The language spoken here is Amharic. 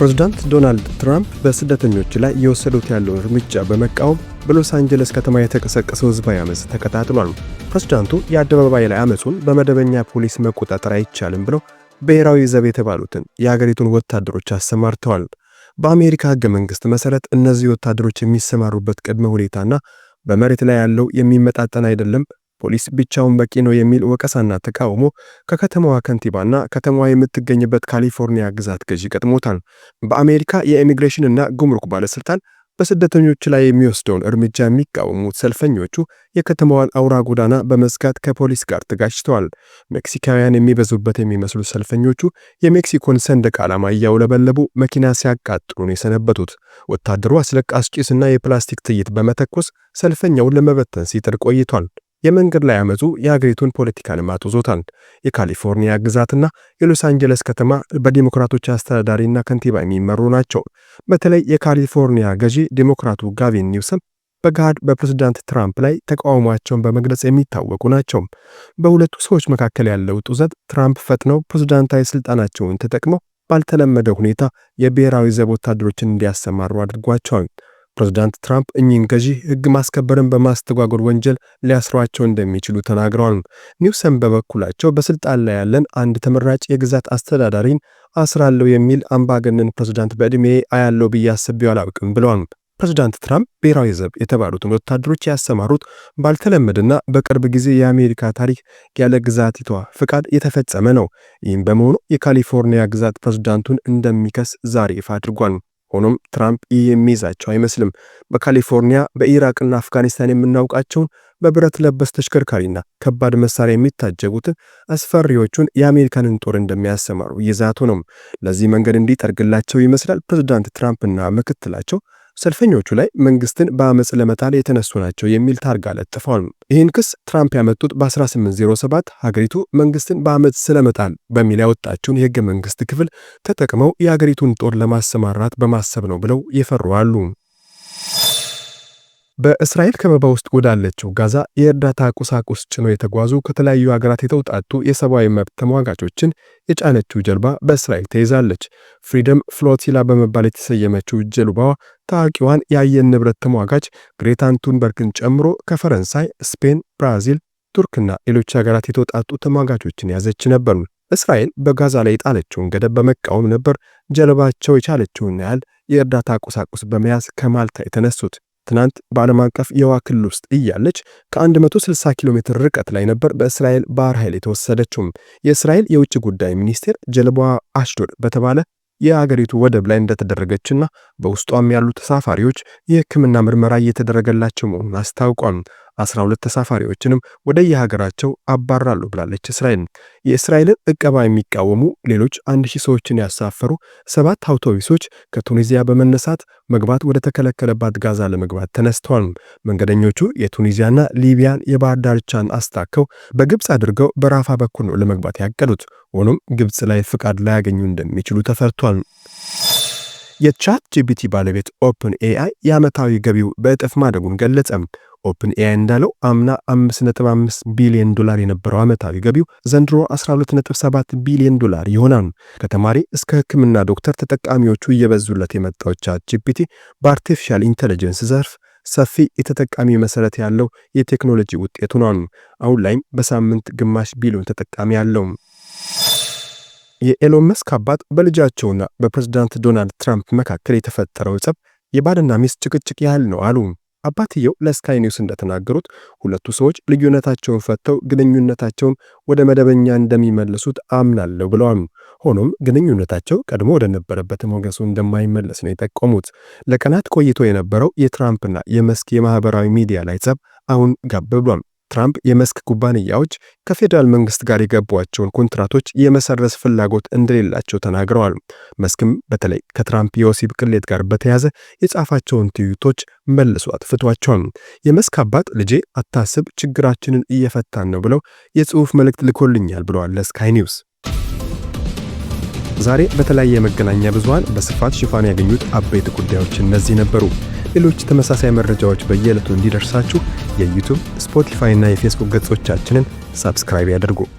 ፕሬዝዳንት ዶናልድ ትራምፕ በስደተኞች ላይ የወሰዱት ያለውን እርምጃ በመቃወም በሎስ አንጀለስ ከተማ የተቀሰቀሰው ህዝባዊ አመፅ ተከታትሏል። ፕሬዚዳንቱ የአደባባይ ላይ አመፁን በመደበኛ ፖሊስ መቆጣጠር አይቻልም ብለው ብሔራዊ ዘብ የተባሉትን የአገሪቱን ወታደሮች አሰማርተዋል። በአሜሪካ ህገ መንግስት መሰረት እነዚህ ወታደሮች የሚሰማሩበት ቅድመ ሁኔታና በመሬት ላይ ያለው የሚመጣጠን አይደለም፣ ፖሊስ ብቻውን በቂ ነው የሚል ወቀሳና ተቃውሞ ከከተማዋ ከንቲባና ከተማዋ የምትገኝበት ካሊፎርኒያ ግዛት ገዢ ገጥሞታል። በአሜሪካ የኢሚግሬሽንና ጉምሩክ ባለስልጣን በስደተኞች ላይ የሚወስደውን እርምጃ የሚቃወሙት ሰልፈኞቹ የከተማዋን አውራ ጎዳና በመዝጋት ከፖሊስ ጋር ተጋጭተዋል። ሜክሲካውያን የሚበዙበት የሚመስሉ ሰልፈኞቹ የሜክሲኮን ሰንደቅ ዓላማ እያውለበለቡ መኪና ሲያቃጥሉን የሰነበቱት። ወታደሩ አስለቃሽ ጭስና የፕላስቲክ ጥይት በመተኮስ ሰልፈኛውን ለመበተን ሲጥር ቆይቷል። የመንገድ ላይ አመፁ የሀገሪቱን ፖለቲካ ልማት ውዞታል። የካሊፎርኒያ ግዛትና የሎስ አንጀለስ ከተማ በዲሞክራቶች አስተዳዳሪና ከንቲባ የሚመሩ ናቸው። በተለይ የካሊፎርኒያ ገዢ ዲሞክራቱ ጋቪን ኒውሰም በገሃድ በፕሬዝዳንት ትራምፕ ላይ ተቃውሟቸውን በመግለጽ የሚታወቁ ናቸው። በሁለቱ ሰዎች መካከል ያለው ጡዘት ትራምፕ ፈጥነው ፕሬዝዳንታዊ ስልጣናቸውን ተጠቅመው ባልተለመደ ሁኔታ የብሔራዊ ዘብ ወታደሮችን እንዲያሰማሩ አድርጓቸዋል። ፕሬዚዳንት ትራምፕ እኚህን ገዢ ህግ ማስከበርን በማስተጓጎል ወንጀል ሊያስሯቸው እንደሚችሉ ተናግረዋል። ኒውሰም በበኩላቸው በስልጣን ላይ ያለን አንድ ተመራጭ የግዛት አስተዳዳሪን አስራለሁ የሚል አምባገነን ፕሬዚዳንት በዕድሜ አያለው ብዬ አስቤው አላውቅም ብለዋል። ፕሬዚዳንት ትራምፕ ብሔራዊ ዘብ የተባሉትን ወታደሮች ያሰማሩት ባልተለመደና በቅርብ ጊዜ የአሜሪካ ታሪክ ያለ ግዛቲቷ ፍቃድ የተፈጸመ ነው። ይህም በመሆኑ የካሊፎርኒያ ግዛት ፕሬዚዳንቱን እንደሚከስ ዛሬ ይፋ አድርጓል። ሆኖም ትራምፕ ይህ የሚይዛቸው አይመስልም። በካሊፎርኒያ በኢራቅና አፍጋኒስታን የምናውቃቸውን በብረት ለበስ ተሽከርካሪና ከባድ መሳሪያ የሚታጀቡት አስፈሪዎቹን የአሜሪካንን ጦር እንደሚያሰማሩ ይዛቱ ነው። ለዚህ መንገድ እንዲጠርግላቸው ይመስላል ፕሬዚዳንት ትራምፕና ምክትላቸው ሰልፈኞቹ ላይ መንግስትን በአመፅ ለመጣል የተነሱ ናቸው የሚል ታርጋ ለጥፈዋል። ይህን ክስ ትራምፕ ያመጡት በ1807 ሀገሪቱ መንግስትን በአመፅ ስለመጣል በሚል ያወጣችውን የህገ መንግስት ክፍል ተጠቅመው የሀገሪቱን ጦር ለማሰማራት በማሰብ ነው ብለው የፈሩ አሉ። በእስራኤል ከበባ ውስጥ ወዳለችው ጋዛ የእርዳታ ቁሳቁስ ጭኖ የተጓዙ ከተለያዩ ሀገራት የተውጣጡ የሰብአዊ መብት ተሟጋቾችን የጫነችው ጀልባ በእስራኤል ተይዛለች። ፍሪደም ፍሎቲላ በመባል የተሰየመችው ጀልባዋ ታዋቂዋን የአየር ንብረት ተሟጋች ግሬታን ቱንበርግን ጨምሮ ከፈረንሳይ፣ ስፔን፣ ብራዚል፣ ቱርክና ሌሎች ሀገራት የተውጣጡ ተሟጋቾችን ያዘች ነበር። እስራኤል በጋዛ ላይ የጣለችውን ገደብ በመቃወም ነበር ጀልባቸው የቻለችውን ያህል የእርዳታ ቁሳቁስ በመያዝ ከማልታ የተነሱት። ትናንት በዓለም አቀፍ የውሃ ክልል ውስጥ እያለች ከ160 ኪሎ ሜትር ርቀት ላይ ነበር በእስራኤል ባህር ኃይል የተወሰደችውም የእስራኤል የውጭ ጉዳይ ሚኒስቴር ጀልባዋ አሽዶድ በተባለ የአገሪቱ ወደብ ላይ እንደተደረገችና በውስጧም ያሉ ተሳፋሪዎች የሕክምና ምርመራ እየተደረገላቸው መሆኑን አስታውቋል። 12 ተሳፋሪዎችንም ወደየሀገራቸው አባራሉ ብላለች እስራኤል። የእስራኤልን እቀባ የሚቃወሙ ሌሎች 1000 ሰዎችን ያሳፈሩ ሰባት አውቶቡሶች ከቱኒዚያ በመነሳት መግባት ወደ ተከለከለባት ጋዛ ለመግባት ተነስተዋል። መንገደኞቹ የቱኒዚያና ሊቢያን የባህር ዳርቻን አስታከው በግብፅ አድርገው በራፋ በኩል ነው ለመግባት ያቀዱት። ሆኖም ግብፅ ላይ ፍቃድ ላያገኙ እንደሚችሉ ተፈርቷል። የቻት ጂቢቲ ባለቤት ኦፕን ኤአይ የዓመታዊ ገቢው በእጥፍ ማደጉን ገለጸ። ኦፕን ኤአይ እንዳለው አምና 5.5 ቢሊዮን ዶላር የነበረው ዓመታዊ ገቢው ዘንድሮ 12.7 ቢሊዮን ዶላር ይሆናል። ከተማሪ እስከ ሕክምና ዶክተር ተጠቃሚዎቹ እየበዙለት የመጣው ቻት ጂፒቲ በአርቲፊሻል ኢንተለጀንስ ዘርፍ ሰፊ የተጠቃሚ መሰረት ያለው የቴክኖሎጂ ውጤት ሆኗል። አሁን ላይም በሳምንት ግማሽ ቢሊዮን ተጠቃሚ አለው። የኤሎን መስክ አባት በልጃቸውና በፕሬዝዳንት ዶናልድ ትራምፕ መካከል የተፈጠረው ጸብ የባልና ሚስት ጭቅጭቅ ያህል ነው አሉ። አባትየው ለስካይ ኒውስ እንደተናገሩት ሁለቱ ሰዎች ልዩነታቸውን ፈተው ግንኙነታቸውን ወደ መደበኛ እንደሚመለሱት አምናለሁ ብለዋል። ሆኖም ግንኙነታቸው ቀድሞ ወደነበረበት ሞገሱ እንደማይመለስ ነው የጠቆሙት። ለቀናት ቆይቶ የነበረው የትራምፕና የመስክ የማህበራዊ ሚዲያ ላይ ጸብ አሁን ጋብ ብሏል። ትራምፕ የመስክ ኩባንያዎች ከፌዴራል መንግስት ጋር የገቧቸውን ኮንትራቶች የመሰረዝ ፍላጎት እንደሌላቸው ተናግረዋል። መስክም በተለይ ከትራምፕ የወሲብ ቅሌት ጋር በተያዘ የጻፋቸውን ትዩቶች መልሶ አጥፍቷቸዋል። የመስክ አባት ልጄ አታስብ፣ ችግራችንን እየፈታን ነው ብለው የጽሑፍ መልእክት ልኮልኛል ብለዋል ለስካይ ኒውስ። ዛሬ በተለያየ መገናኛ ብዙሃን በስፋት ሽፋን ያገኙት አበይት ጉዳዮች እነዚህ ነበሩ። ሌሎች ተመሳሳይ መረጃዎች በየዕለቱ እንዲደርሳችሁ የዩቱብ ስፖቲፋይ እና የፌስቡክ ገጾቻችንን ሳብስክራይብ ያድርጉ።